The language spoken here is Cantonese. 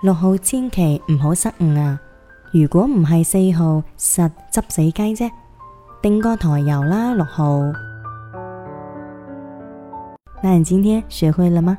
六號千祈唔好失誤啊！如果唔係四號實執死雞啫，定過抬油啦六號。那你今天學會了嗎？